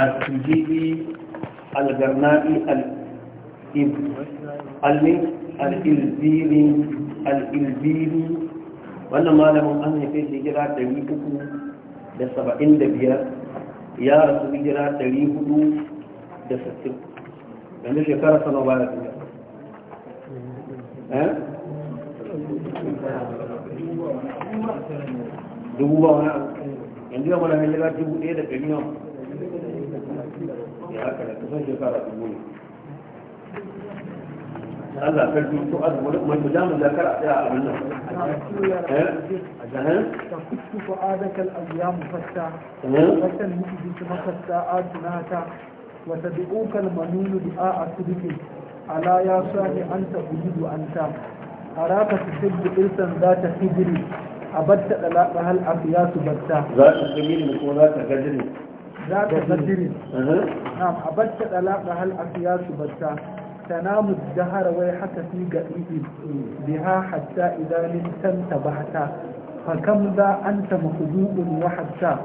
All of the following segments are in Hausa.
التجيبي الجرنائي الالبيري الالبيري وانا ما لهم اهل في الهجرة تريبكو لسبعين دبيا يا رسول الهجرة تريبكو لسبعين يعني ايش يكرا سنوبارة ها؟ دبوبة ونعم عندما يعني ولا هجرة جبوا ايه ده ya haka da kusan shekara dubu ne Allah kar duk to azu wani mai mujamin da kar a tsaya a wannan eh takutu fu'adaka ayyam fatta fatta mujidi kuma fatta adunaka wa tad'uka al-manun du'a asdiki ala ya sahi anta bujidu anta araka tusibbu irsan zata hijri abatta dalaka hal afiyatu eh? batta za ta gani ko za ta za ta zaddiri na abarta dalaka hal afiya su barta ta namu jihar wai haka fi ga ibi bi ha hatta idanin can ta ba ta hakan za an ta mahudubin wa hatta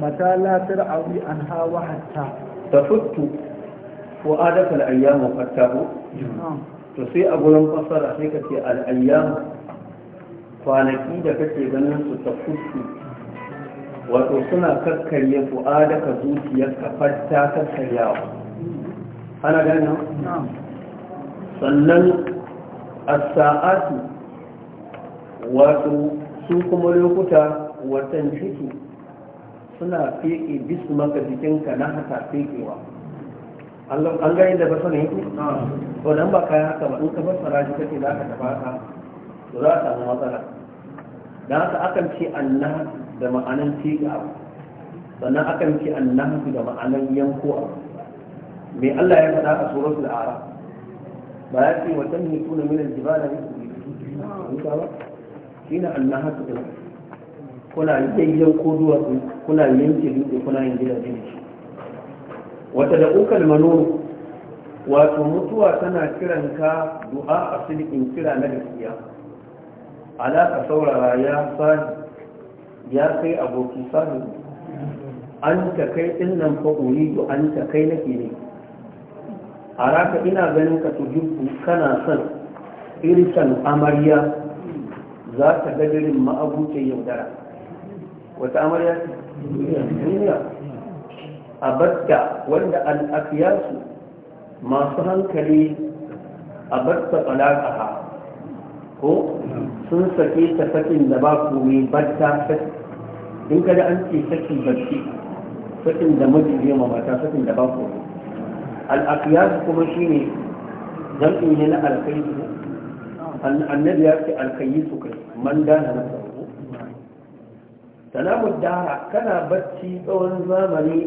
mata an hawa hatta ta fito ko adaka da ayyamu hatta ko to sai a gurin fasara sai ka ce kwanaki da kake ganin su ta fito wato suna kakkarya fu'adaka zuciyarka fatta kakkaryawa ana gani sannan a saatu wato su kuma lokuta watan ciki suna feƙe feke jikin jikinka na haka feƙewa an gani da ba sanin ku? to dan ba kai haka ba in ka fassara shi kake za ka tafa ka to za ka samu matsala da haka akan ce annahu da ma'anan tiga abu sannan akan ce annahu da ma'anan yanko abu mai Allah ya faɗa a suratul a'raf ba ya ce wata ne tuna min da ne ba shine annahu da kuna yayyan ko duwatsu kuna yanke dutse kuna yin gidaje da wata da ukal manuru wato mutuwa tana kiran ka du'a a silikin kira na gaskiya ala ka saurara ya sani ya kai aboki sabi an ta kai ɗin nan fa uridu an ta kai nake ne a raka ina ganin ka tujibbu kana son irkan amarya za ta ga garin ma'abucin yaudara wata amarya duniya a batta wanda al'afiyasu masu hankali a batta tsalakaha ko sun sake ta sakin da ba ku mai batta in kada an ce sakin barci, sakin da miji ne ma mata sakin da ba ku al-aqyas shi ne jam'i ne na al-qayyisu annabi ya ce al-qayyisu kai man dana na sabu salamu dara kana barci tsawon zamani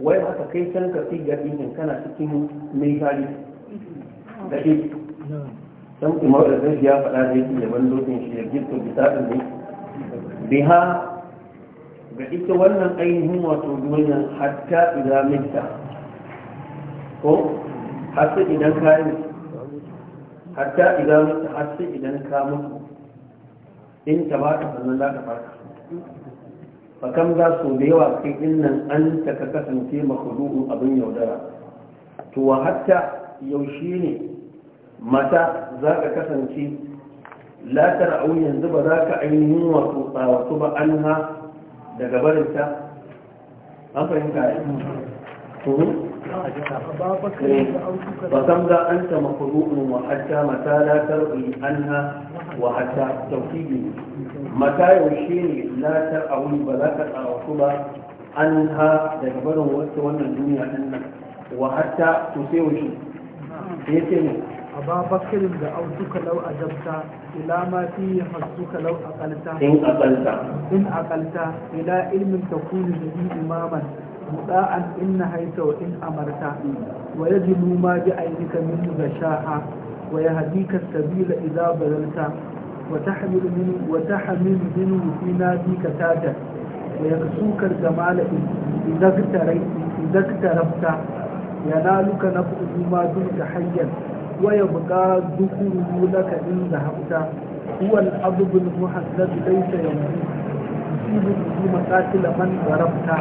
wai haka kai san ka fi gadi kana cikin mai hali da san imam al-zaid ya faɗa da yake yaban dokin shi ya gitto bisa ne biha ga ita wannan ainihin wato duniya hatta idan minta ko hatta idan ka yi hatta idan hatta idan ka mutu in ta ba ta sannan za ta farka fakan za su da yawa kai in nan an ta ka kasance makhluqun abin yaudara to wa hatta yaushe ne mata za ka kasance latar au yanzu ba za ka ainihin wasu tsawatu ba an ha daga barinta an fahimta ya eh, ba san za an ta makuru'un wa hatta mata latar uli an ha wa hatta taukibi mata yaushe ne latar au ba za ka tsawatu ba an ha daga barin wasu wannan duniya ɗin nan wa hatta to sai yaushe ya ce ne أبا بكر دعوتك لو أجبت إلى ما فيه حسك لو أقلت إن أقلت إن أقلت إلى علم تكون به إماما مطاعا إن نهيت وإن أمرت ويجب ما بعينك منه غشاء ويهديك السبيل إذا بذلت وتحمل منه وتحمل منه في ناديك تاجا ويكسوك الجمال إذا اقتربت ينالك نفعه ما دمت حيا ويبقى ذكره لك إن ذهبت هو الحبب المحدد ليس يموت يصيبك بمقاتل من ضربت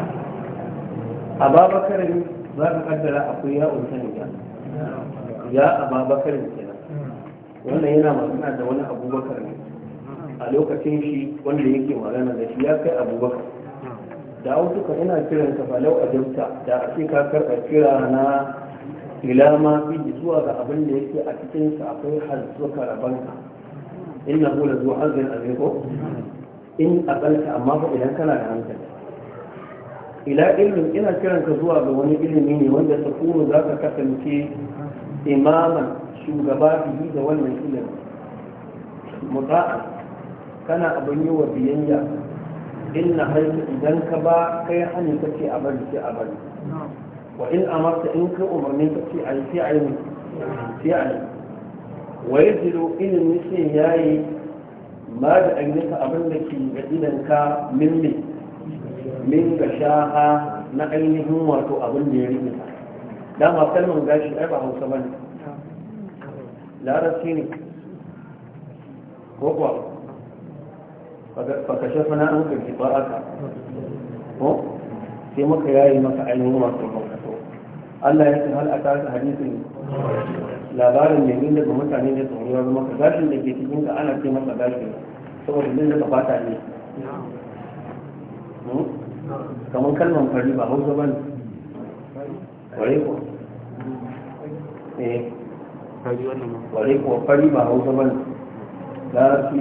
أبا بكر za قدر kaddara akwai يا أبا ya aba هنا kenan wannan yana magana da wani abubakar ne a lokacin shi wanda yake magana da shi ya kai abubakar autuka ina kiran ka falau a da a ce ka karɓa kira na ila ma fi zuwa ga abin da yake a cikin sa akwai hazzuka rabanka inna hu lazu hazin aziko in aqalta amma fa idan kana da hankali ila ilmin ina kiran ka zuwa ga wani ilimi ne wanda ta kuma za ka kasance imaman shugaba biyu da wannan ilimin muta'a kana abin yi wa biyayya inna har idan ka ba kai hannun kace a bari sai a bari wa in amarta in ka umarni ka ce a yi sai a yi sai a yi wa ya jiro ilin nishin ya yi ma da ainihinka abin da ke ga idanka min ne min ga shaha na ainihin wato abin da ya rubuta dama kalmar gashi ai ba hausa ba ne larabci ne ko kuwa fakashe fana an ka jiba aka ko sai maka yayi maka ainihin wato hausa Allah ya ce a hadisin labarin mai yin daga mutane da tsoro ya zama gashin da ke cikin ka ana ce masa gashin saboda yin ba fata ne hmm? kamar kalmar fari ba hausa ba ne ware ko eh ware ko fari ba hausa ba ne larabci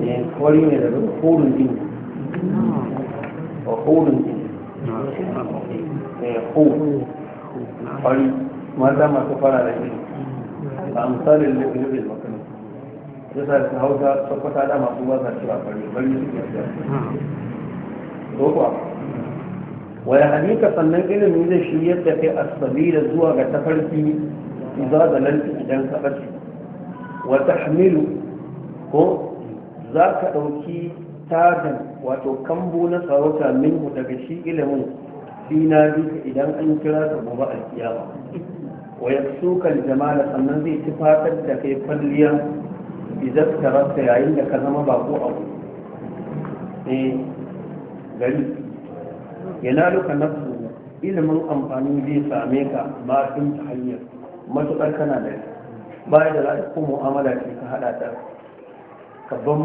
ne kwari eh, ne da horin din wa ah. da din ah. ko fari mata masu fara da yi a misalin lulluɓin makarai ya yasa su hausa sakwata da masu ba sa kira fari bari su ke siya kuwa waya hannunka sannan ilimi zai shiryar da kai asali da zuwa ga tafarki za da lantu idan ka ɓace wata hamilu ko za ka ɗauki tagan wato Kambo na sarauta minhu daga shi ilimin fina duka idan an kira ka gobe a kiyama wa ya sukan jama'a sannan zai ci fatar da kai falliya idan ka rasa yayin da ka zama bako abu eh gari yana luka nafsu ilimin amfani zai same ka ba sun ta hanyar matuƙar kana da baya da za ko mu'amala ce ka haɗa ta ka ban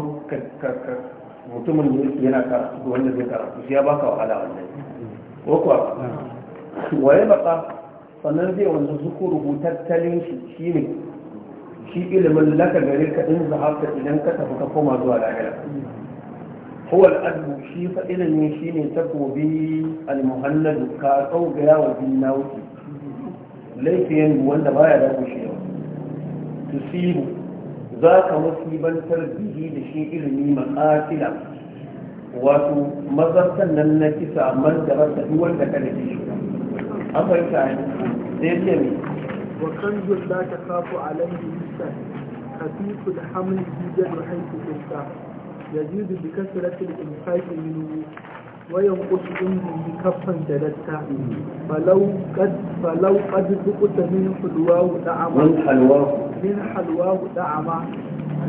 mutumin yana karatu wanda zai karatu sai ya baka wahala wannan kokuwa waye baka sannan zai wanzu zuku rubutar talin shi ne shi ilimin laka gare ka ɗin zahafta idan ka tafi ka koma zuwa lahira kowal adabu shi fa ilimin shi ne ta gobe almuhannadu ka tsogaya wa jinnawuki yanzu, wanda baya da ku shi tusibu za ka musibantar bihi da shi ilimi maƙasila wato mazartan nan na kisa martabar da duk wanda ka da shi an fahimta ne sai ce ne wa kanzun la ta kafu alaihi lisan khafiful hamli bijan wa haythu tilka yazidu da kasrati al-infaq minhu وينقص منه بكفا da فلو قد فلو da ذقت min halwa دعما من حلواه من حلواه دعما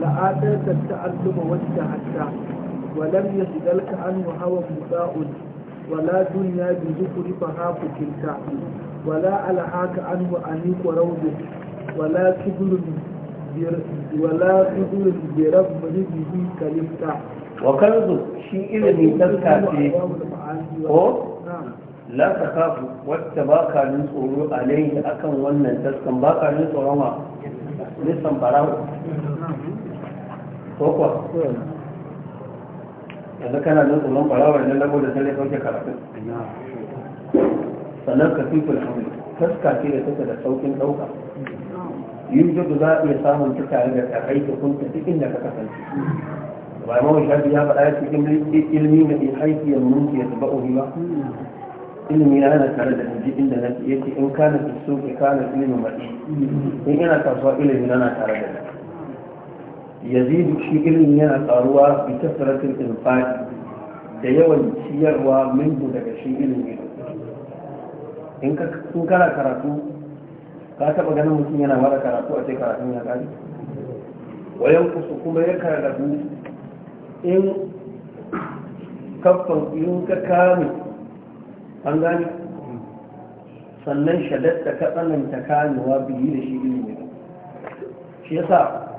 لآتيت التألم والتهتا ولم يشغلك عنه هوى مطاع ولا دنيا بذكر فها فتلك ولا ألهاك عنه أنيق روضك ولا كبل ولا كبل برب به كلمتا وكنز شيء إلمي تذكى فيه لا تخاف واتباك من صورو عليه أكن ونن تسكن باك من صورما لسن براو توقف yanzu kana nan tsoron barawa ne lago da sai sauke karatu sannan ka fi fulhamdu taska ce da take da saukin ɗauka yin jirgin za a iya samun ta tare da tsakai ta kunta cikin da ka kasance ba ma wani shafi ya faɗa ya cikin ilmi na da haifi ya munki ya taɓa ohi ba ilimi na yana tare da hanji inda na ce in kana fi so kana ilimin maɗi in yana kasuwa ilimi na tare da ni yazidu shi ilmin yana karuwa bi kasratin infaqi da yawan ciyarwa minhu daga shi ilimi in ka kun kana karatu ka taba ganin mutum yana mara karatu a ce karatun ya kare wayan kusa kuma ya karatu in kafan in ka kame an gani sannan shadadda ka tsananta kamewa biyu da shi ilimi shi yasa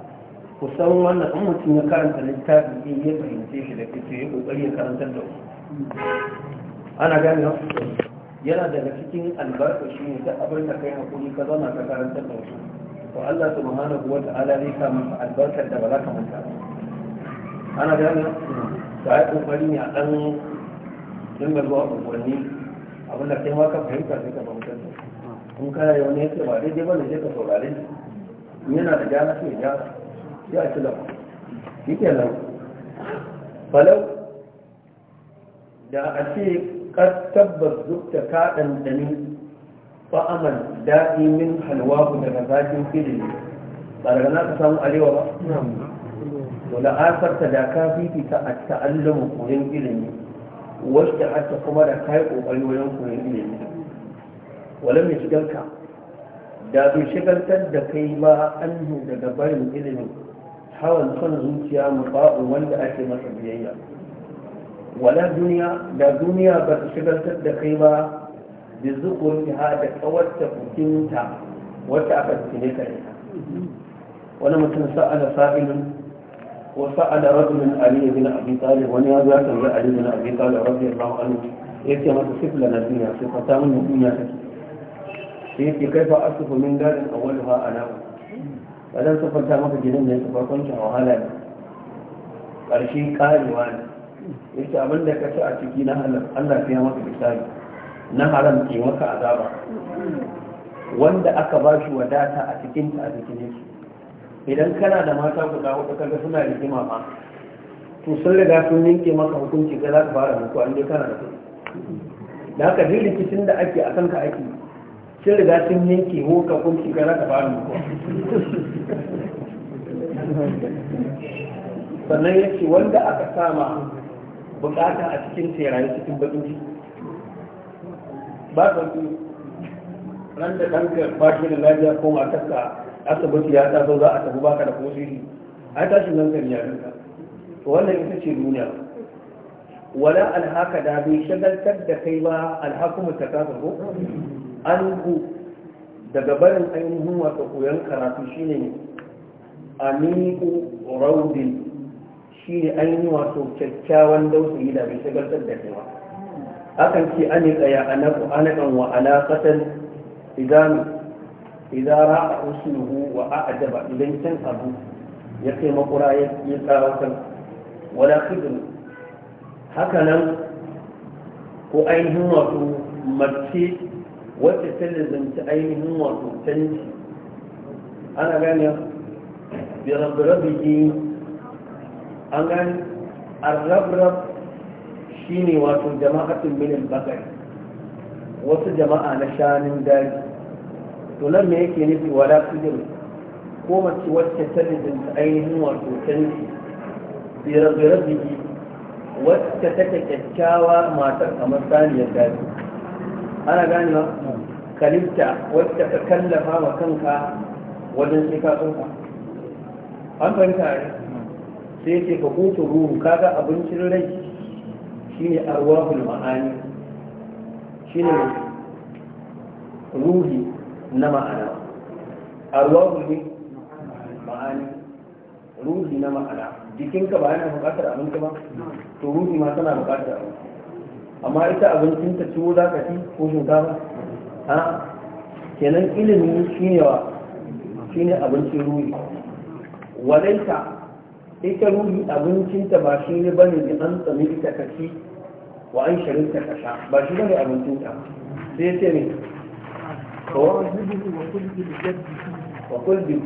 ku san wannan an mutum ya karanta littafin in ya fahimce shi da kake ya kokari ya karantar da ku ana gane yana daga cikin albarka shi ne ta abin da kai hakuri ka zauna ka karantar da wasu to Allah subhanahu wa ta'ala zai sa maka albarkar da ba za ka manta ba ana gane ka yi kokari ne a dan dinga zuwa unguwanni abin da kai ma ka fahimta sai ka bautar da kuma kana yau ne ya ce ba daidai ba ne sai ka saurare shi yana da gyara sai gyara sai falau da a ce tabbas zubta ka ɗanɗani fa'aman daɗi min halwaku daga zafin filin ba daga na ka samu arewa ba wala ta da ka fifita a ta'allama koyon ilimi wacce hatta kuma da kayi ƙoƙari wajen koyon ilimi wala mai shigarka da bai shigartar da kai ba an daga barin ilimin hawan son zuciya muta'un wanda ake masa biyayya wala duniya da duniya ba ta shigartar da kai ba da zukurin ha da kawarta hukunta wata aka tsine ka ita wani mutum sa'ala sa'ilun ko sa'ala rajulun ali ibn abi talib wani ya za ta yi ali ibn abi talib radiyallahu anhu yace masa sifla na duniya sai fata mun duniya take sai yake kaifa asufu min darin awwalha ana ba zan siffanta maka ginin da ya kwanci a wahala ne ƙarshe ƙarewa ne ce abin da ka ci a ciki na halal Allah ya maka misali na haram ke maka azaba wanda aka ba shi wadata a cikin ta a cikin yake idan kana da mata guda wata kaga suna rigima ma to sun riga sun yanke maka hukunci ga za ka fara muku an dai kana da kuɗi da haka duk rikicin da ake a kanka ake sun riga sun yanke hukunci ga za ka fara muku sannan ya ce wanda aka sama bukata a cikin teraye cikin bakin ciki ba ka su ran da ɗanka ba shi da lafiya ko matarka asibiti ya zo za a tafi baka da kosiri ai tashin kan ya rinka wannan ita ce duniya wala alhaka da bai shagaltar da kai ba alhakumu ta kasa ko an daga barin ainihin wata koyon karatu shine ne amiku raudin shi ne ainihin wato kyakkyawan dausayi da bai shagaltar da kewa akan ce an tsaya na anakan wa alaƙatar idanu idan a usuluhu wa a'jaba idan can abu ya kai makura ya yi tsarautar wala kudin hakanan ko ainihin wato mace wacce ta lizanci ainihin wato canji ana gane birabirabiki rabrabihi an gan arrabrab ne wato jama'atun min al wasu jama'a na shanun daji to nan me yake nufi wala tujir ko mace wacce talibin ta ainihin wato canci birabirabiki rabrabihi wacce take kyakkyawa matar kamar saniyar daji ana ganewa kalifta wacce ka kallafa wa kanka wajen sai ka an fahimta tare sai ce ka hutu ruhu kaga abincin rai shine arwahul ma'ani ne ruhi na ma'ana arwahul ma'ani ruhi na ma'ana jikinka ba yana bukatar abinci ba to ruhi ma tana buƙatar abinci amma ita abincin ta ciwo za ka ci ko shinkafa Ha? kenan ilimin shi ne wa shi ne abincin ruhi walaita ita ruhi abincinta ba shi ne bane da an tsami ita kaci wa an shirin ta kasha ba shi bane abincinta sai ya ce ne kawai wa kul bil jiddi fihi wa kul bil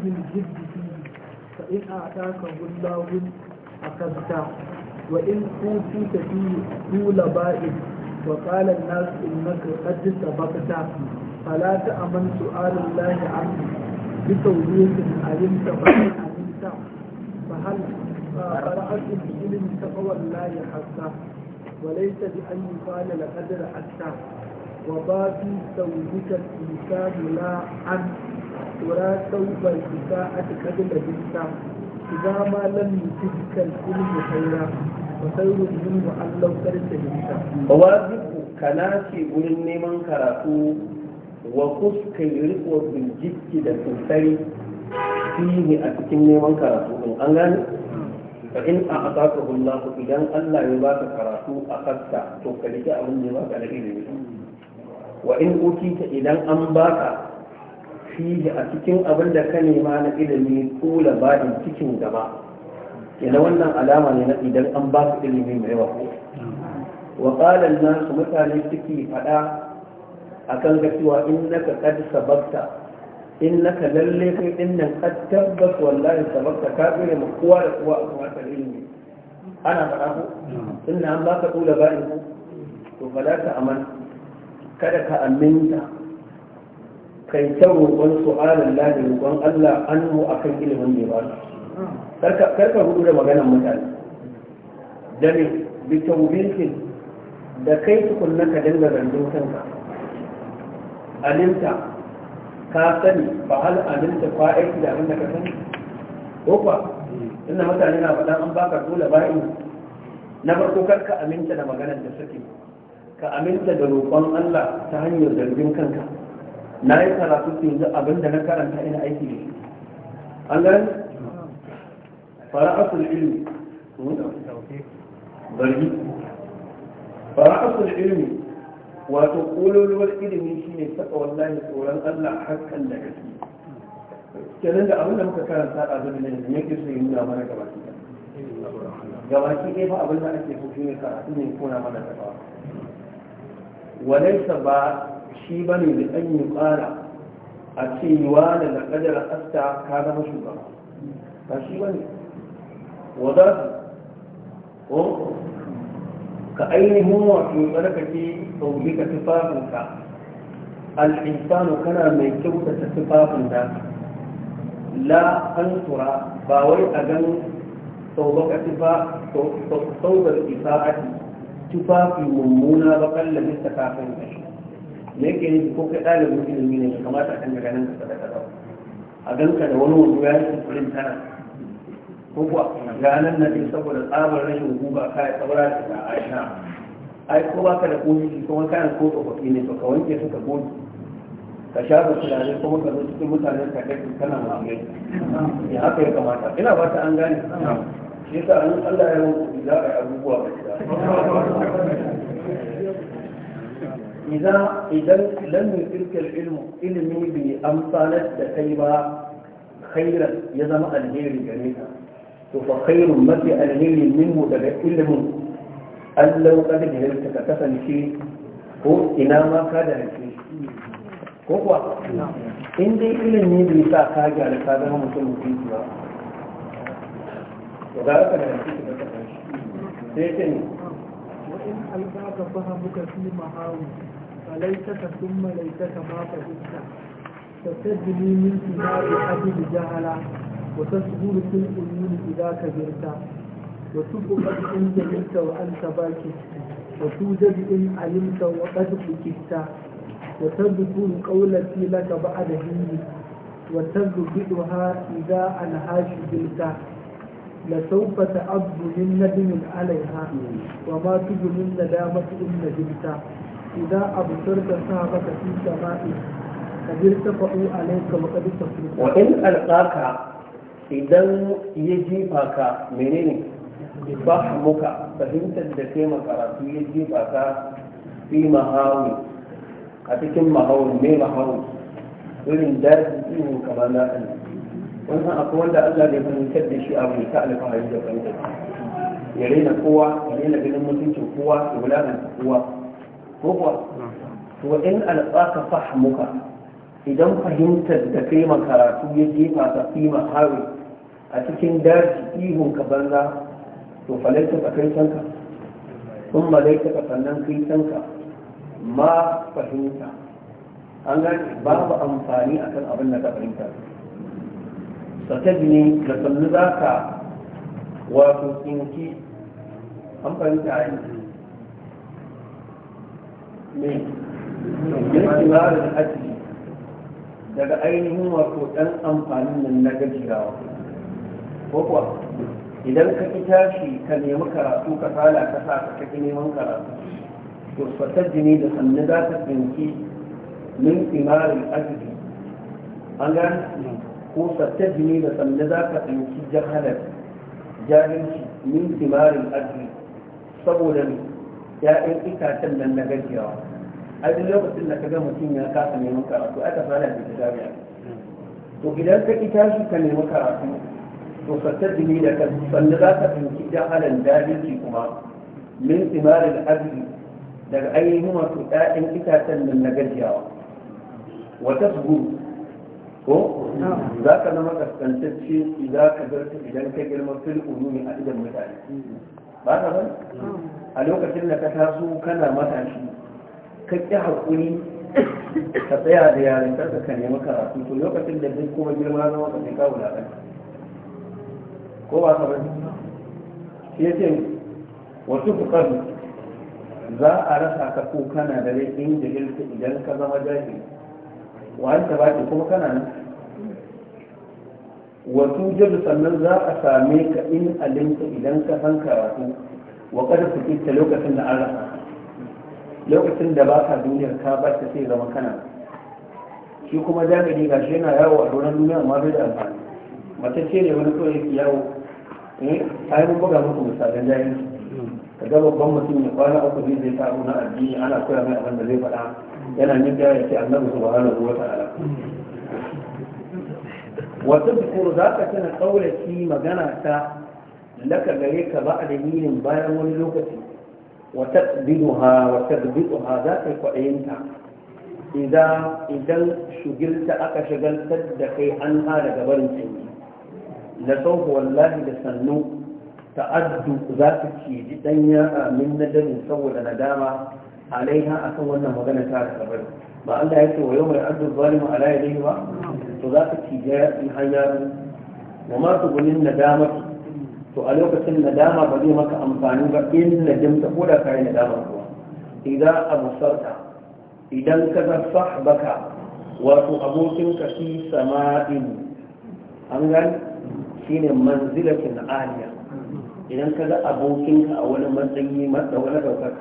jiddi fihi fa in a'taka Allahu akasta wa in kunta fihi qula ba'id wa qala an-nas innaka qad sabaqta fala ta'man su'al Allah 'anka bisa wujudin abin da wani abin sa ba hal fara'atu bi ilmi ta wallahi hatta wa laysa bi an yufana la qadra hatta wa ba fi tawjika al-insan la an tura tauba kita at qadra bisa idza ma lam yutikal ilmu khayra wa sayru minhu allahu karinta bisa wa wajibu kana ci neman karatu wa kuska yi riko biljiki da tsari fihi a cikin neman karatu in an gane Ka in a asaka ku idan Allah ya baka karatu a kasta to ka rike abin da ya baka da ilimi wa in uki ta idan an baka fihi a cikin abin da ka nema na ilimi kula ba'in cikin gaba Ina wannan alama ne na idan an baka ilimi mai yawa wa qala an-nas mutane suke fada akan ga cewa innaka sabakta in naka lalle kai nan kad tabbas wallahi sabakta ka gare mu kowa da kowa a kuma tsar ilimi ana fara ku na an baka dole ba in to fala ka aman kada ka aminta kai ta roƙon su'alan lahi roƙon Allah annu akan ilimin ne ba karka karka hudu da maganar mutane da ne bi tawbihin da kai tukunna ka dinga zargin kanka alimta ka sani ba hal alimta fa aiki da abin da ka sani ko ba inda mutane na faɗa an baka dole bayan na farko kar ka aminta da maganar da suke ka aminta da roƙon Allah ta hanyar zargin kanka na yi karatu yanzu abin da na karanta ina aiki ne. an gani fara'asul ilmi zargi fara'asul ilmi wato ƙololuwar ilimi shi ne saka wallahi tsoron Allah hakan da gaske kenan da abin da muka karanta a zuwa nan ne yake so ya nuna mana gaba ki gaba ki ɗaya ba abin da ake so shine karatu ne ko kona mana gaba walaysa ba shi ba ne da an yi ƙara a ce yiwa da na ƙadar asta ka zama shugaba ba shi ba ne. wadatu ka ainihin wato tsarkake saulika tufafinka al'insanu kana mai kyautata tufafin da la an tura ba wai a gan saubaka tufa saubar isa'ati tufafi mummuna ba kallabin ta kafin kashi me yake ne ko kai ɗalibin ilimi ne kamata a kan daga nan ka sadaka a gan ka da wani wando ya yi kurin tana ko kuwa ranar na saboda tsabar rashin guba kai tsabara da aisha ai ko baka da koshi kuma kana ko tsofaffi ne to ka wanke su ka goge ka shafa turare kuma ka zo cikin mutanen ka kai kana mamai ya haka ya kamata ina ba ta an gane shi yasa an Allah ya rubuta za a yi abubuwa ba shi إذا إذا لم يدرك العلم علمي بأمثالة تكيبا خيرا يزم الهير جميعا فخير ما في الهير منه تبع علمه an lauka da gidan ta kasance ko ina ma ka da rake ko kuwa in dai ilin ne bai sa ka gyara ka zama mutum mutum ba to ga aka da rake ta kasance sai ta ne wa'in albaka fa muka fi mahawu alaita ka sun malaita ka ba ka dukka ta tabbini min su ma'a abin jahala wata suhurutun ulu ne za ka birta وتبقى إن جلست وأنت باكي وتوجد إن علمت وقد فكت وتذكر قولتي لك بعد هندي وتذكرها إذا أنهاش بلك لسوف تعب من ندم عليها وما تجن الندامة إن ندمت إذا أبصرت صاحبك في سمائه قد ارتفعوا عليك وقد تفلت وإن ألقاك إذا يجيبك منين muka fahimtar da kai makaratu ya jefa ka fi mahawi a cikin mahawin ne mahawin irin daji ihun kamar na ɗan wannan akwai wanda Allah bai fahimtar da shi abu ta alfahari da fahimtar ya raina kowa ya raina ganin mutuncin kowa ya wulakanta kowa ko kuwa to in alƙaka fahmuka idan fahimtar da kai makaratu ya jefa ka fi mahawi a cikin daji ihun kamar na to falaita ka kai tanka sun malaita ka sannan kai tanka ma fahimta an gani babu amfani akan abin da ka fahimta gini da sannu za ka wato tsinki an fahimta a ne yanki ma da aji daga ainihin wato ɗan amfanin nan na gajirawa ko kuwa idan ka ki tashi ka nemi karatu ka sa ka sa ka ki neman karatu to fatar jini da sannu za ka tsinki min imarin arziki an gane ko fatar jini da sannu za ka tsinki jahalar jahilci min imarin arziki saboda ya'yan itacen nan na gajiyawa a duk lokacin da ka ga mutum ya kasa neman karatu aka fara da jami'a to idan ka ki tashi ka nemi karatu to fatajmi da kan sannan za ka tsinci jahalan jahilci kuma min imarin arzi daga ainihin wasu ɗayan itacen nan na gajiyawa wata su ko za ka zama kaskantacce za ka zarta idan ka girma fil ulumi a idan mutane ba ka ban a lokacin da ka taso kana matashi ka ƙi haƙuri ka tsaya da yarintar ka nemi karatu to lokacin da zai kuma girma zama ka sai ka wulaƙanta ko ba ta bane ya ce wasu kukan za a rasa ka ko kana da rai in ilka idan ka zama jahil wani ta baki kuma kana nan wasu jalu sannan za a same ka in alinka idan ka san karatu wa kada su kitta lokacin da an rasa lokacin da ba ka duniyar ka ba ta sai zama kana shi kuma jami'i shi yana yawo a doron duniya ma bai da amfani mace ce ne wani kawai yawo Eh, ai yi buga muku misalan jahilci ka ga babban mutum ya kwana uku ne zai sa na addini ana koya mai abin da zai faɗa yana yin ya ce annabi subhanahu wa Wata bukuru za ka kana qawlaki magana ta laka gare ka ba da yinin bayan wani lokaci wata tadbiduha za tadbiduha kwaɗayinta idan idan shugilta aka shagaltar da kai an hada daga barin sanyi na sauku wallahi da sannu ta'addu za su ci dan yara min nadarin saboda nadama alaiha akan wannan magana ta da kabari ba Allah ya ce wa yau mai addu zalimu ala yadayhi ba to za su ci in an yaro wa masu su gunin nadama to a lokacin nadama ba zai maka amfani ba in nadimta ko da kai nadama kuwa idan abusarta idan ka ga sahbaka wato abokinka fi sama'in an gani shine manzilatin aliya idan ka ga abokinka a wani matsayi da wani daukar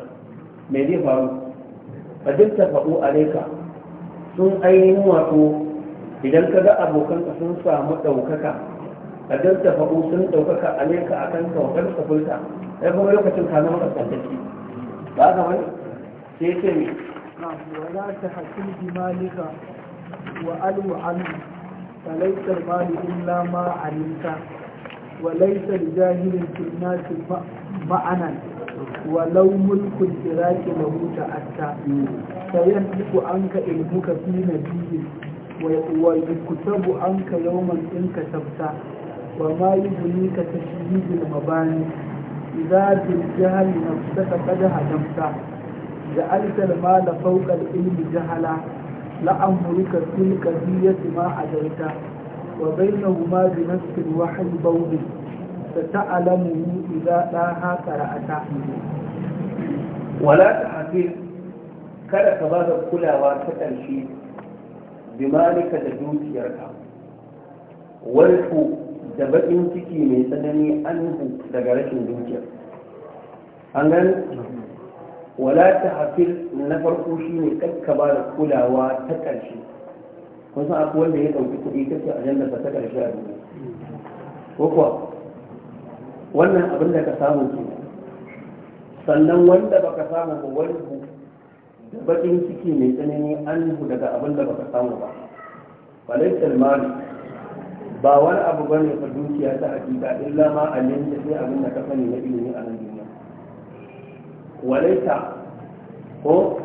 me zai faru A duk ta faɗo alaika sun ainihin wato idan ka ga abokanka sun samu ɗaukaka a duk ta faɗo sun ɗaukaka alaika a kan kawakar kafulta ya kuma lokacin ka zama ƙasƙantacci ba ka wani sai ce ne wa za ta jimalika wa alwa alwa فليس المال إلا ما علمت وليس الجاهل في الناس معنى ولو ملك الدراك له تأتى فينفق عنك علمك في نبي ويكتب عنك يوما إن كتبت وما يبنيك تشييد المباني إذا بالجهل نفسك قد هدمت جعلت المال فوق العلم جهلا لأمرك في القضية ما عديت وبينهما بنفس الوحي بوض ستعلمه إذا لاها قرأته ولا تحفير kada ka ba da kulawa ta ƙarshe bimalika da dukiyarka warku da bakin ciki mai tsanani anhu daga rashin wala ta hafil na farko shi ne kakka ba da kulawa ta ƙarshe kun san akwai wanda ya ɗauki kuɗi kake a jannar ta ƙarshe a duniya ko kuwa wannan abin da ka samu ke sannan wanda baka samu ba wani da bakin ciki mai tsanani an hu daga abin da baka samu ba falaisal mali ba wani abu bane fa dukiya ta hakika illa ma alinta sai abin da ka sani na ilimi a nan walaita ko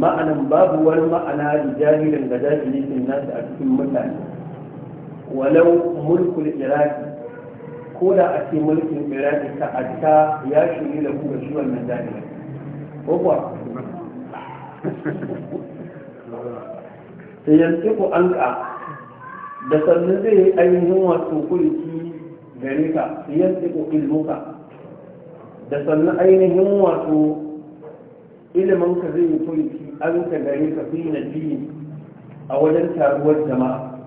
ma'anan babu wani ma'ana da jahilin da jahilin nasu a cikin mutane walau mulkul iraki ko da a ce mulkin iraki ta ta ya shiri da kuma shi wannan jahilin ko kuwa sai yanzu ku an ka da sannan zai yi ainihin wasu kulki gare ka sai yanzu ku ilmuka da sannan ainihin wato ilimin ka zai yi kulki an ka gare ka fi na jini a wajen taruwar jama'a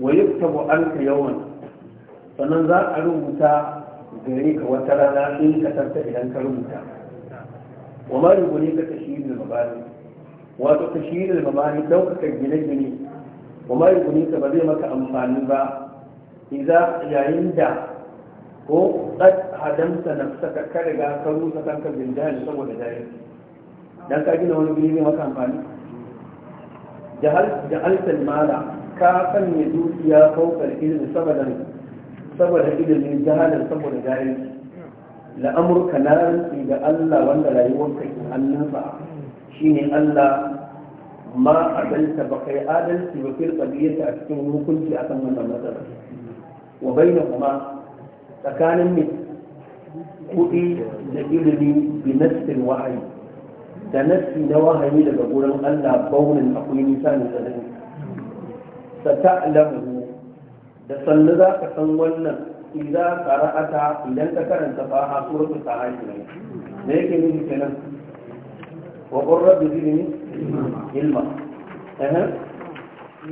wa yuktabu an ka yawan sannan za a rubuta gare ka wata rana in ka tarta idan ka rubuta wa ma rubuni ka da mabani wato da mabani ɗaukaka gine-gine wa ma rubuni ka ba zai maka amfani ba idan yayin da ko tsat adamta hadamta nafsaka ka riga ka rusa kanka bin jahil saboda jahil dan ka gina wani gini maka amfani jahal jahalta mala ka sanya dukiya faukar ilimi saboda saboda ilimin jahalin saboda jahil la'amurka na rantsi ga Allah wanda rayuwarka ke hannunsa shine Allah ma adalta ba kai adalci ba fil qadiyata a cikin hukunci akan wannan matsala wa bainahuma tsakanin ne kuɗi da ilimi bi nassin wahayi da nassi na wahayi daga gurin Allah baunin akwai nisa ne nan sa ta'lamu da sannu za ka san wannan idan qara'ata idan ka karanta faha suratul sa'ad ne me yake nufi kenan wa qurra bi zidni ilma eh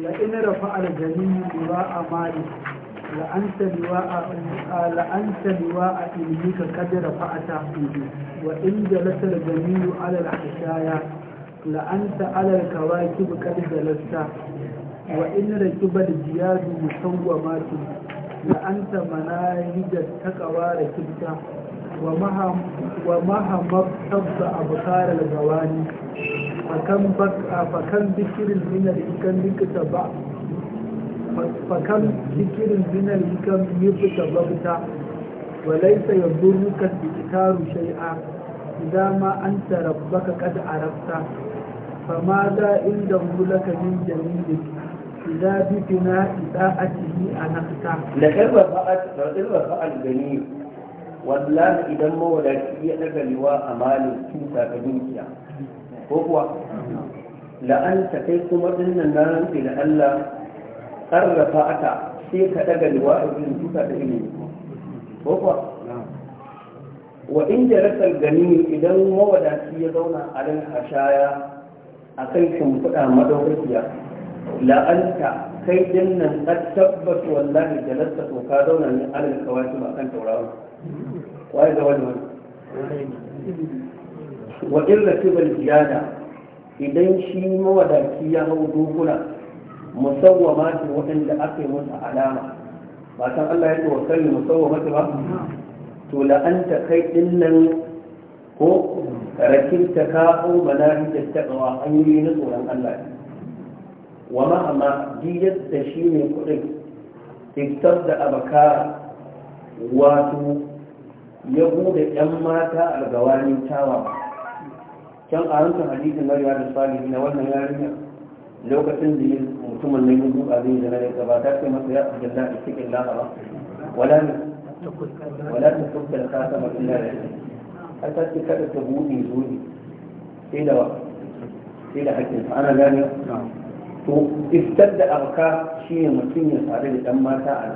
la inna rafa'a al-jamil qira'a malik لأنت لواء إليك كدر فأتعقوه وإن جلس الجميل على الحشايا لأنت على الكواكب قد جلست وإن ركب الجياد مسومات لأنت مناهج التقوى ركبت ومهما ومهما ارتب أبصار الجواني فكم بك فكم بكر من الإنكم بك تبعت فكم ذكر من الحكم يتسببت وليس يضرك الذكر شيئا إذا ما أنت ربك قد عرفت فماذا عنده لك من جميلك إذا بفناء إساءته أنقت لكن وفاءت فإن وفاء الجميل والله إذا مولاك يأتك لواء مال كنت كدنيا هو لأنت كيف مدن النار إلى الله sarrafa aka sai ka daga liwa ibn tuka da ilimi ko kuwa wa in jarasal gani idan mawadaci ya zauna a ran hashaya a kan shimfiɗa madaukakiya la'anta kai din nan ka tabbas wallahi jalasta to ka zauna ne alal kawaci ba kan taurawa waye ga wani wani wa illa tibal jada idan shi mawadaci ya hau dokuna musawwama ce waɗanda aka yi musu alama ba san Allah ya ce wa kai musawwama ce ba to la'anta kai dinnan nan ko ta ka ko ta taqwa an yi na tsoron Allah wa ma amma diyar da shi ne kuɗin tiktok da abakara wato ya bude ‘yan mata gawanin tawa can a hankali hadisin na da salihi na wannan yarinyar. lokacin da mutumin nan yin duka zai zana ya gaba ta ce masa ya tsaye da cikin laha ba wala ne wala ta tukka da kasa ba illa da shi har ta ce kada ta buɗe zuri sai da sai da hakkin sa ana gani to iftar da abka shi ne mutum ya sadu da dan mata a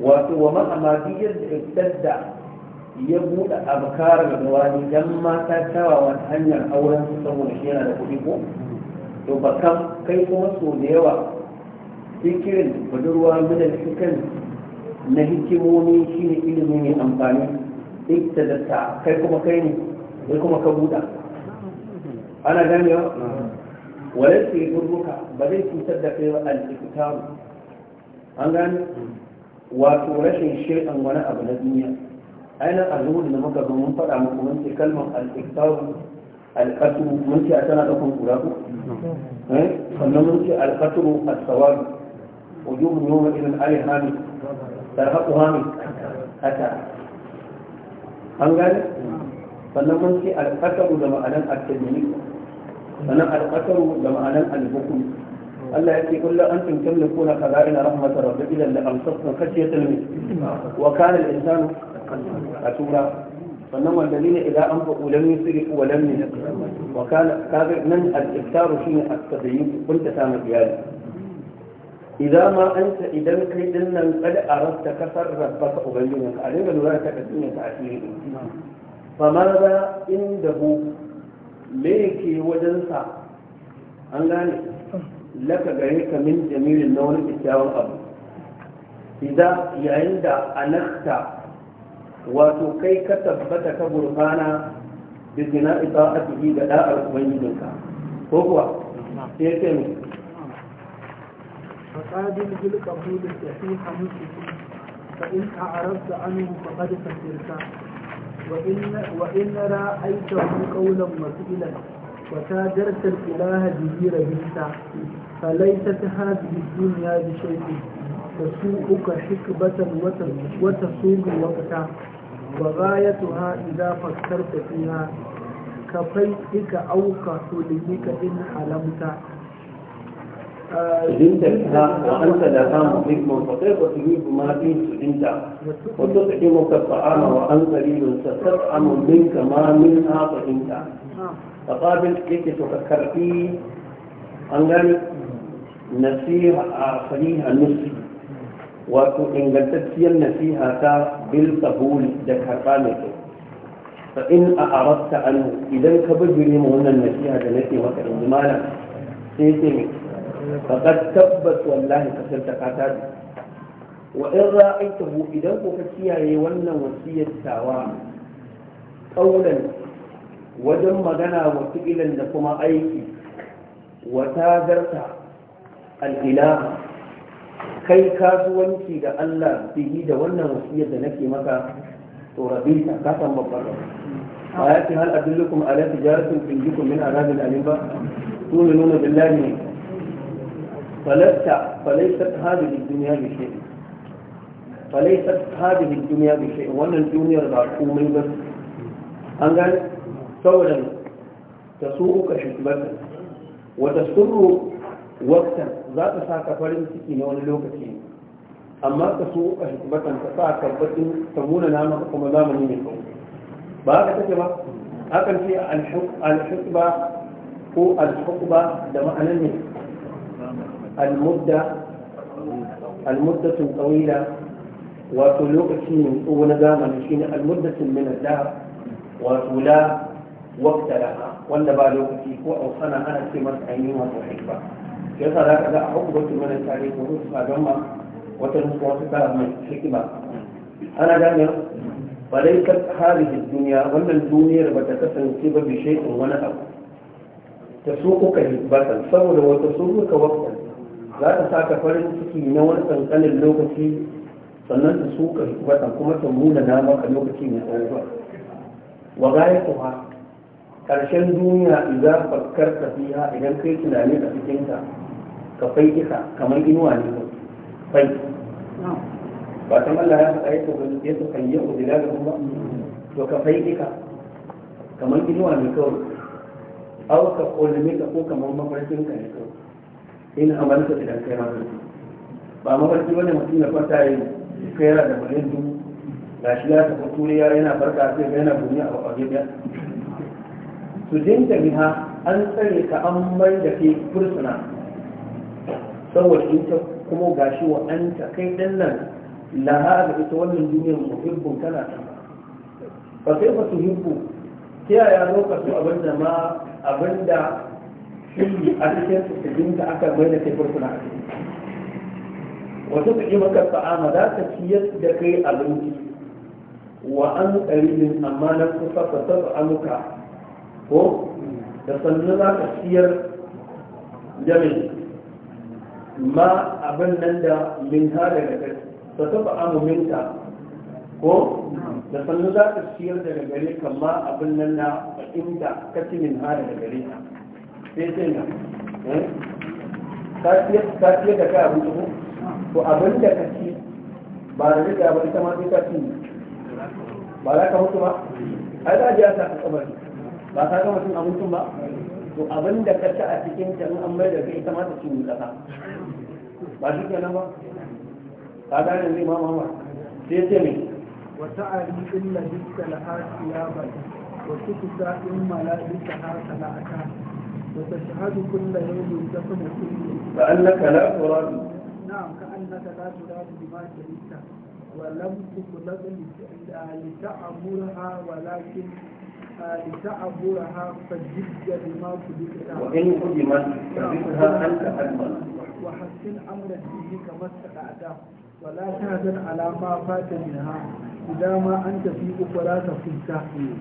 wato wa ma'ama da iftar da ya buɗe abkar da wani dan mata tawawa ta hanyar auren saboda shi yana da kuɗi ko to ba kan kai kuma so da yawa fikirin budurwa minan fikirin na hikimomi shi ne ilimin mai amfani ita da ta kai kuma kai ne kai kuma ka buɗa ana ganewa wadda ke burbuka ba zai cutar da kai ba al'ikutaru an gane wato rashin shirin wani abu na duniya ainihin a zuwa da muka zo mun faɗa muku mun ce kalmar al'ikutaru alƙasuru mun ce a tana ɗaukan kura ko eh? sannan mun ce alƙasuru asawari wujuhun yawon irin alihami tarhaku hami hata an gane sannan mun ce alƙasaru da ma'anan attajini sannan alƙasaru da ma'anan alhukum Allah ya ce kullum an tunkallu kuna ina rahmatar rabbi idan da amsa amsakun kashiyatan min wa kana al-insanu a tura sannan والذين إذا أنفقوا لم يسرفوا ولم ينفقوا وكان كافر من الإكثار شيء التدين كنت سامع يعني إذا ما أنت إذا كيد أن قد أردت كسر ربك أبينك عليك الولاية كدين تعشير فماذا عنده ليك وجنسا أن لك غريك من جميل النور الإسلام أبو إذا عند أنخت wato kai ka tabbata ka gurfana da zina ita'atihi ga da'ar ubangijinka ko kuwa sai ce بالقبول الصحيح مسلم فإن أعرضت عنه فقد كفرت وإن وإن رأيته قولا وفعلا وتاجرت الإله به ربيت فليست هذه الدنيا بشيء تسوءك حكبة وتسوق وقتا وغايتها إذا فكرت فيها كفيئك أو كحلمك إن حلمت آه، جنتها وأنت لا تام حكما فكيف تجيب ما فيه جنتا وتطعمك الطعام وأنت لين ستطعم منك ما منها فإنت آه. فقابل كيف تفكر فيه أن نسيها صريح النصف wato ingantacciyar nasiha ta bil qabul da karba mai kyau fa in a arasta an idan ka bijire mu wannan nasiha da nake maka in ji malam sai ce ne faqad tabbas wallahi kasar ta kata wa in ra'aitahu idan ko ka kiyaye wannan wasiyar tawa kaulan wajen magana wa fi'ilan da kuma aiki wa tadarta al-ilaha kai kasuwanci da Allah bihi da wannan wasiyar da nake maka to rabita ka san babbar ba ya ce hal adullukum ala tijaratin tunjikum min azabin alim ba tu'minuna billahi ne falasta falaysat hadhihi dunya bi shay falaysat hadhihi dunya bi shay wannan duniyar ba komai ba an ga saboda tasuuka shibatan wa tasurru waqtan za ta sa ka farin ciki na wani lokaci amma ka so a hikmatan ta sa ka bakin ta muna nama kuma zamani mai kawo ba ka take ba hakan ce alhukba ko alhukba da ma'anar ne almudda almuddatun tsawila wato lokaci mai tsawo na zamani shine almuddatun min ad-dahr wato la waqta laha wanda ba lokaci ko ausana ana ce masa ainihin wato hikba ya sa za ka ga a hukubatun mana tare ko wasu sagan ma wata nufa wasu kara mai hikima ana gane ba dai ka harihin duniya wannan duniyar ba ta kasance ba bishe in wani abu ta so kuka hibbatan saboda wata so kuka wakta za ta saka farin ciki na wani kankanin lokaci sannan ta so ka hibbatan kuma ta muna na maka lokaci mai tsawo ba wa gaya kuma ƙarshen duniya idan fakkarta fiha idan kai tunani a cikinta ka fai isa kamar inuwa ne ko fai ba san Allah ya faɗa yake wani ya kan yi ku dila ga kuma to ka fai isa kamar inuwa ne kawai aw ka kulmi ka ko kamar mafarkin ka ne kawai in amalta idan kai ma ba mafarki wani mutum ya kwanta yi kaira da bayan Ga gashi ya tafi turiya yana farka sai yana duniya a kwaje da su dinta biha an tsare ka an bai da ke fursuna saboda in ta kuma gashi wa an ta kai ɗan nan laha da ita wannan duniyar muhibbin kana ta ba sai ba su hibbu ta yaya zo ka abin da ma abin da shi a cikin su da aka mai da kai suna a cikin wata ta ji maka ta'ama za ta ciyar da kai abinci wa an ƙaribin amma na kusa ta taɓa amuka ko da sannu za ka ciyar jami'in ma abin nan da min ha daga kai ta taba amuminta ko da sannu za ka ciyar daga gari ka abin nan na inda ka ci min ha daga gari ka sai sai na eh? ka ciyar da kai abin ko to abin da ka ci ba da rika ba ita ma sai ka ci ba za ka mutu ba ai za a ji a sa ka kabari ba ka ga mutum abincin ba to abin da ka ci a cikin ta an mai da kai ita ma ta ci mu kasa ba shi ke nan ba ta gane ne mama ba sai ce ne wata alifin lalita la'asiya wasu kusa in malalita na sana'ata wata shahadu kulla yau ne ta fi da kulle ba an na kala tura bi na amka an na kala tura bi ma wa lam ku kula da lita a mura ha wa lakin ah, lita a mura ha fajibiyar ma ku duka ta wa in ku ji ma ka duka ha an ka hasin amuran jini kamar ta da wala shahadar alama fata min ha idan ma an tafi uku za ta fita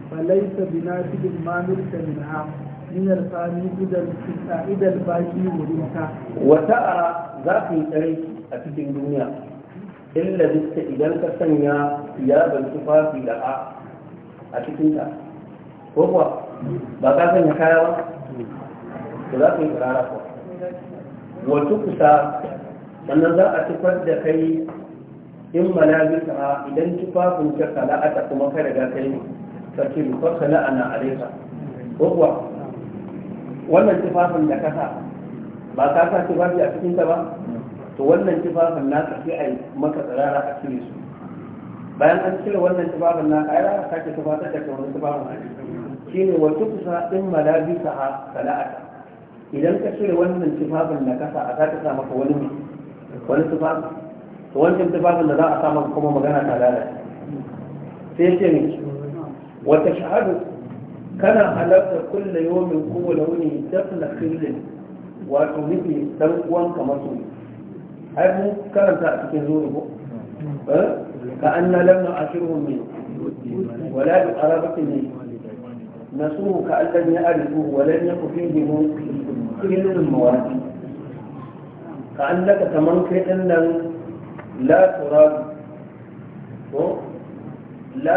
falaita bina cikin mamir ta min ha niyar fani idan fita idan baki za ka yi tsari a cikin duniya illa duka idan ka sanya ya bantu fafi da a a cikin ta ko kuwa ba ka sanya kaya ba ko za ka yi tsara wata kusa sannan za a tufar da kai in malabisa idan tufafin ka sana'ata kuma ka daga kai ne ka ce ko sana'a na alaika ko kuwa wannan tufafin da ka sa ba ka sa tufafi a cikin ta ba to wannan tufafin naka sai a yi maka tsirara a cire su bayan an cire wannan tufafin na ai za ka sake tufatar da wani tufafin a shi ne wata kusa in malabisa sana'ata idan ka cire wannan tufafin da kasa a ta kasa maka wani wani tufafin to wancan tufafin da za a samu kuma magana ta lalace sai ce ne wata shahadu kana halarta kulle yomin da wuni dafna filin wato nufi dan uwan ka masu ai mun karanta a cikin zuwa ko ka an na lamna a shirin min wala bi arabati min nasuhu ka allan ya arifu walan yakun fihi mun kullum mawaki ka allaka kaman kai din nan la turab ko la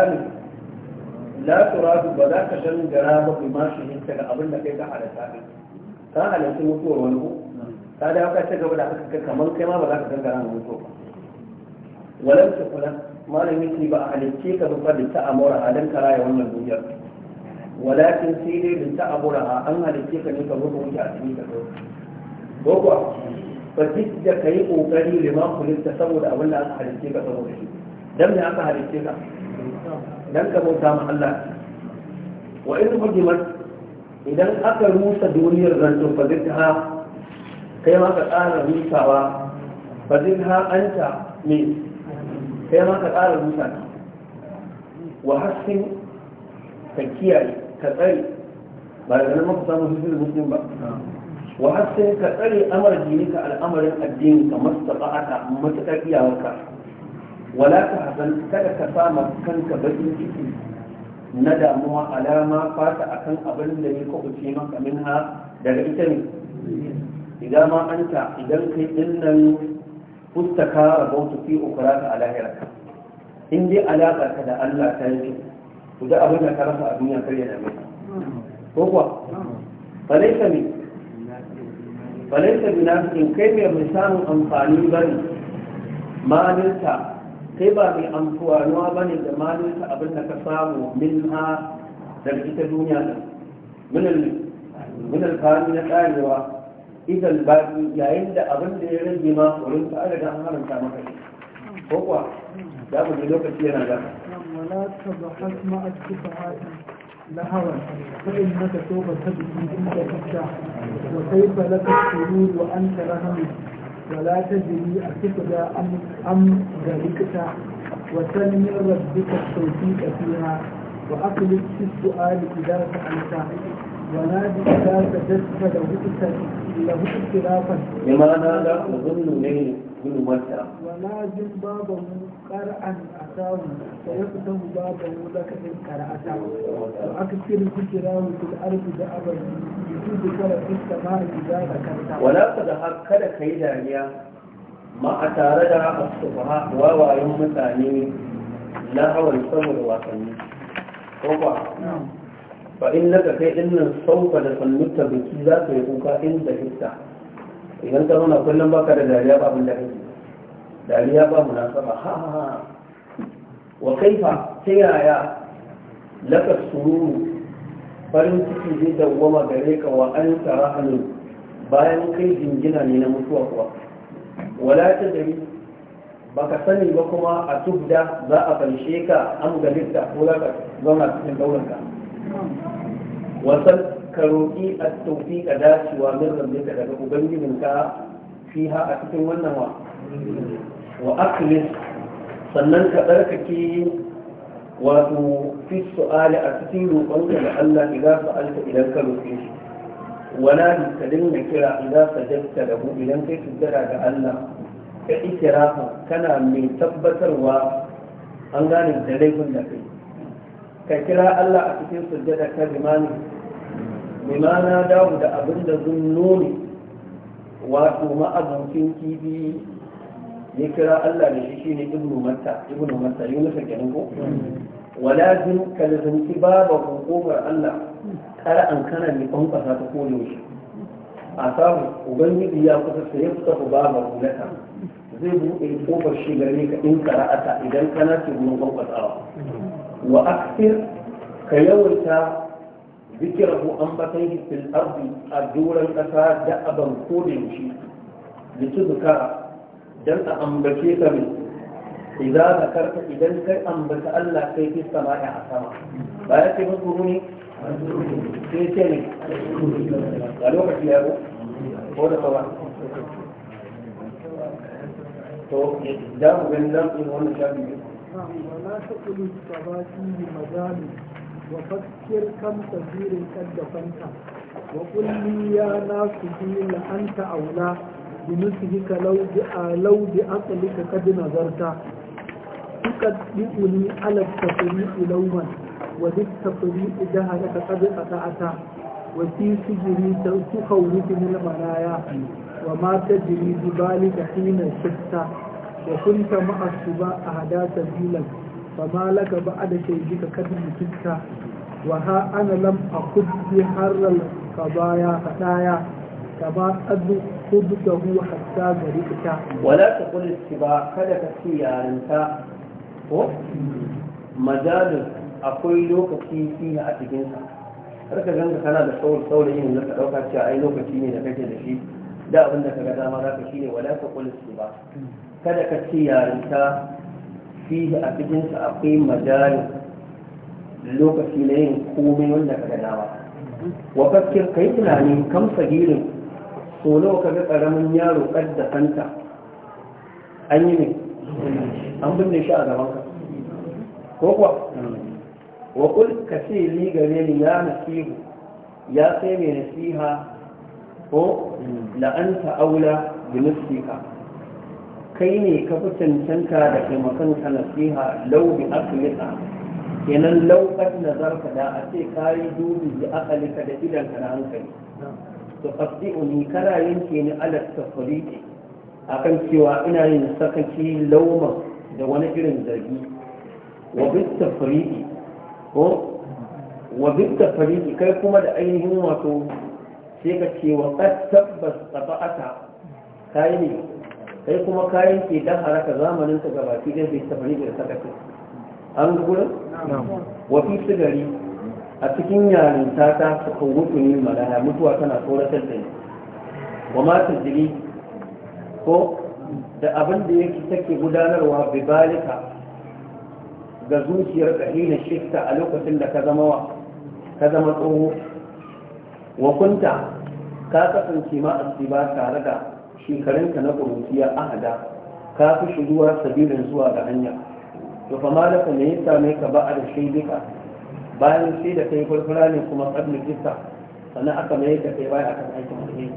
la turab ba za ka san gara ba bi ma shi ta ga abin da kai ka halatta ne ka halatta mutuwar wani ko ka da ka ce gaba da kai kamar kai ma ba za ka san gara mutuwa ba ta kula malamin ki ba a halicce ka ba da ta amura a dan karaya wannan duniyar walakin sai dai bin ta abura an halitta ka ne ka zo ka wuce a cikin ka ko kuwa ba duk da ka yi ƙoƙari liman kulista saboda abin da aka halitta ka saboda shi dan me aka halitta ka dan ka bauta ma Allah wa in hujimat idan aka rusa duniyar zanto fa zidha kai ma ka tsara rusawa fa ta anta me kai ma ka tsara rusa wa hasin ka kiyaye ka tsare ba da nan muka samu hujjar muslim ba wa hasin ka tsare amar ka al'amarin addini ka mastaqa'ata matakar iyawarka wala ta hasan kada ka sama kanka bakin ciki na damuwa alama fata akan abin da ya kubuce maka min ha daga ita ne idan ma an ta idan kai dinnan fuska ka rabautu fi ukurata a lahirarka in dai alaƙa ka da Allah ta yi to da abin da ka rasa a duniya kar ya dame ko kuwa falaita ne falaita bi nasirin kai mai mai samun amfani ba ne malinta kai ba mai amfanuwa ba ne da malinta abin da ka samu min ha daga ita duniya ne min alfahari na karewa idan baƙi yayin da abin da ya rage ma wurin ta an haramta maka ko kuwa za mu je lokaci yana gaba ولا تبحث مع الشبهات لهوا فإنك سوف تجد عند تفتح وكيف لك الخلود وأنت رهن ولا تجري أتقدى أم أم ذلكت وسلم ربك التوفيق فيها وأقلب في السؤال إذا سألت ونادي إذا سجدت له اختلافا لما نادى وظن ليه ظلمتها ونادي بابه kar'an a samu da ya fi samu ba da wani zaka yin to aka ce da kuke rawu da arzu da abar da su da kara fuska a karta wala ka da har kada dariya ma a tare da a tsofaha wawayen mutane na hawan saboda wasanni ko ba in naka kai din sauka da sannuta biki za ka yi kuka inda hitta idan ka zauna kullum baka da dariya ba abin da kake dariya ba munasaba ha ha ha wa kaifa ta yaya laka sururu farin ciki zai dawwama gare ka wa an bayan kai jingina ne na mutuwa kuwa wala ta dari ka sani ba kuma a tubda za a fanshe ka an galista ko za ka zama cikin daularka wasan ka roƙi a taufi ka dacewa min rabbi ka daga ubangijinka fiha a cikin wannan wa wa aklis sannan ka tsarkake wato fi su'ali a cikin roƙonka da Allah idan sa'alta idan ka roƙe shi wala ka dinga kira idan sajadta da hu idan kai sujjada ga Allah ka ikirafa kana mai tabbatarwa an gane da laifin da kai ka kira Allah a cikin sujjada ka limani limana dawo da abin da zunnuni wato ma'abuncin kibi ya kira Allah da shi shine ibnu matta ibnu matta yunus kenan ko wala jin kalzanci babu hukumar Allah kar an kana ne kon ta koyo shi a samu ubangiji ya kusa sai ya fita babu hulata zai buɗe kofar shi gare ka in kara'ata idan kana ce gurin kon kasawa wa aksir ka yawaita ذكره أنبتيه في الأرض الدولة الأساس دأبا كل شيء لتذكر dan a ambace ka ne idan ka karka idan kai ambata Allah kai fi sama'i a sama ba ya ce musu ne sai ce ne a lokaci ya ko ko da ba to da mu gani da mu wannan shafi ne ولا تقل الصلاة لمدام وفكر كم كبير قد دفنت وقل na su fi قيل أنت bimisihi ka laudi a laudi asali ka kadi nazarta suka ɗi'uni alat ta fari ilauman wa duk ta fari idaha na a ta'ata wa su jiri ta su hauri fi malaya wa mata jiri bali ka hina shifta da kun ta ba a hadata zilan ba ma ba a da ke ji ka kadi mutunta wa ha ana lam a kudi harar kabaya kaɗaya kama tsaddu خبته wala غرقت ولا تقل ba kada ka ci yaranta ko majalis akwai lokaci fiye a cikin sa har ka ganga kana da saurin yin da ka dauka cewa ai lokaci ne da kake da shi da abin da ka ga dama shi ne wala taqul ba kada ka ci yarinta fiye a cikin sa akwai majalis lokaci na yin komai wanda ka ga dama wa fakkir kai tunani kam sagirin ko nawa kaga karamin yaro kadda kanta an yi ne an binne shi a gaban ka ko kuwa wa kul ka ce li gare ni ya nasihu ya sai mai nasiha ko la'anta aula bi nafsika kai ne ka fi cancanta da ka nasiha lau bi aklika kenan lau kad nazarka da a ce kayi dubi bi aklika da idanka na hankali da fasdi'uni kana yanke ni ala tafriqi akan cewa ina yin sakaci lauma da wani irin zargi wa bit tafriqi ko wa bit tafriqi kai kuma da ainihin wato sai ka ce wa qad tabbas tabata kai ne kai kuma kayan ke dan haraka zamanin ka gabaki da bit tafriqi da sakaci an na'am wa fi sigari a cikin yarin ta ta suka wuce ne malaya mutuwa tana tsoratar da ni wa ma ta jiri ko da abin da yake take gudanarwa bi balika ga zuciyar kahina shifta a lokacin da ka zama wa ka zama tsoho wa kunta ka kasance ma ba tare da shekarunka na ƙuruciya ahada ka fi shigowa sabirin zuwa ga hanya to fa ka me ya same ka ba a da shaidika bayan shi da kai farfara ne kuma tsabin kista sannan aka mai ka kai baya akan aikin alheri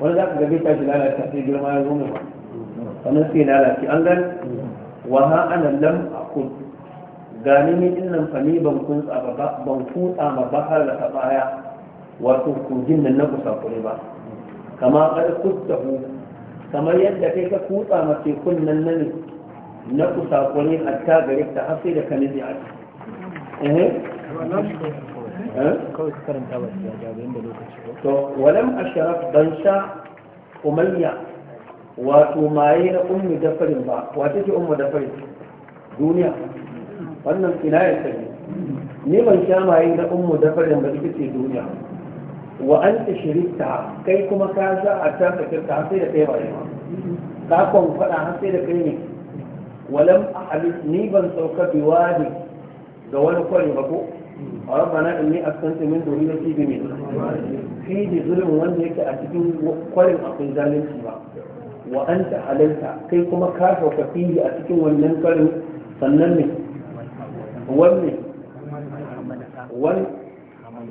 wani za ka gabe tashi lalata sai girma ya zo mai ba sannan sai lalace an gan wa ha ana lam akul gani ni innan fani ban kun tsaba ba ban kutsa ma ba har da baya wato kujin nan na kusa kure ba kama kar kustahu kamar yadda kai ka kutsa ma tekun nan na kusa kure hatta gare ta har sai da ka nufi a walam asharaf ban sha umayya wato maye na ummi dafarin ba wato ce ummu dafarin duniya wannan kinayar ta ne ni ban sha maye na ummi dafarin ba ita ce duniya wa an ta shirita kai kuma ka sha a ta fakirka har sai da kai ba yi ka kwan faɗa har sai da kai ne walam a ni ban sauka biwa ne ga wani kwari ba ko rabbana inni askantu min dhurriyyati bi min fi bi Zulun, wanda yake a cikin kwarin akwai zalunci ba wa anta halalta kai kuma ka sauka fihi a cikin wannan kwarin sannan ne wanne wani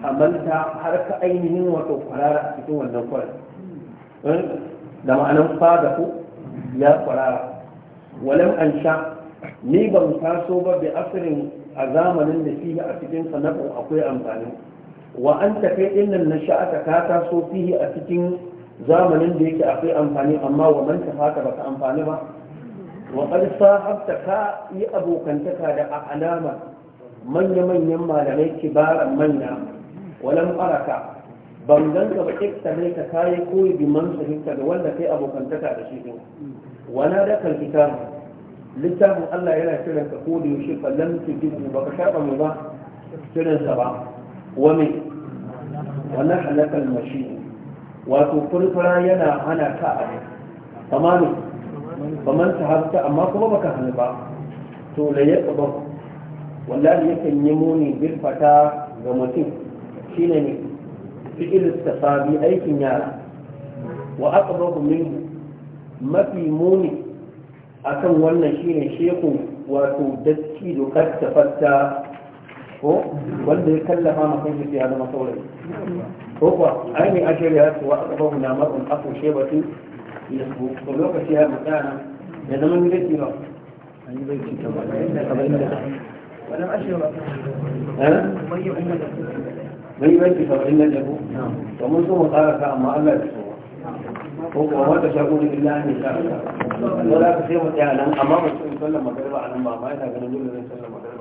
amalta har ka ainihin wato kwarara a cikin wannan kwarin eh, da ma'anan fada ku ya kwarara walam an sha ni ban taso ba bi asirin a zamanin da fihi a cikin sana'u akwai amfani wa an tafi dinnan na sha'ata ta taso fihi a cikin zamanin da yake akwai amfani amma wa haka ba baka amfani ba wa qad sahabta ka yi abokantaka da alama manya manyan malamai kibaran manya walan faraka. ban ganka ba kika ne ka kai koyi bi man sahinta da wanda kai abokantaka da shi din wana da kalkitab littafin Allah yana kiran ka ko da yaushe fallan tujibu ba ka shaɓa mu ba kiran sa ba wa me wannan halakal mashi wato furfura yana hana ka a ne amma ne kamar ta hafta amma kuma baka hannu ba to la ya ba wallahi yakan yi muni birfata ga mutum shine ne fi'il tasabi aikin yara wa aqrabu minhu mafi muni akan wannan shine sheku, wato datti dokar ta fatta ko wanda ya kallama ma kan shi ya zama saurayi ko kuwa ainihin ashirya ya ce a aka bahu na mar'un aku shebatu ya su ko lokaci ya mutana ya zama mi datti ba an yi bai ci ta ba wannan eh? ashirya ba bai yi bai ci ta ba inda da ku domin su mu tsara ka amma Allah ya so ko kuma wata shago da illa ne ka ko za ka sai mu nan amma mutum sallan magariba a nan ba ma yana ganin dole zai sallan magariba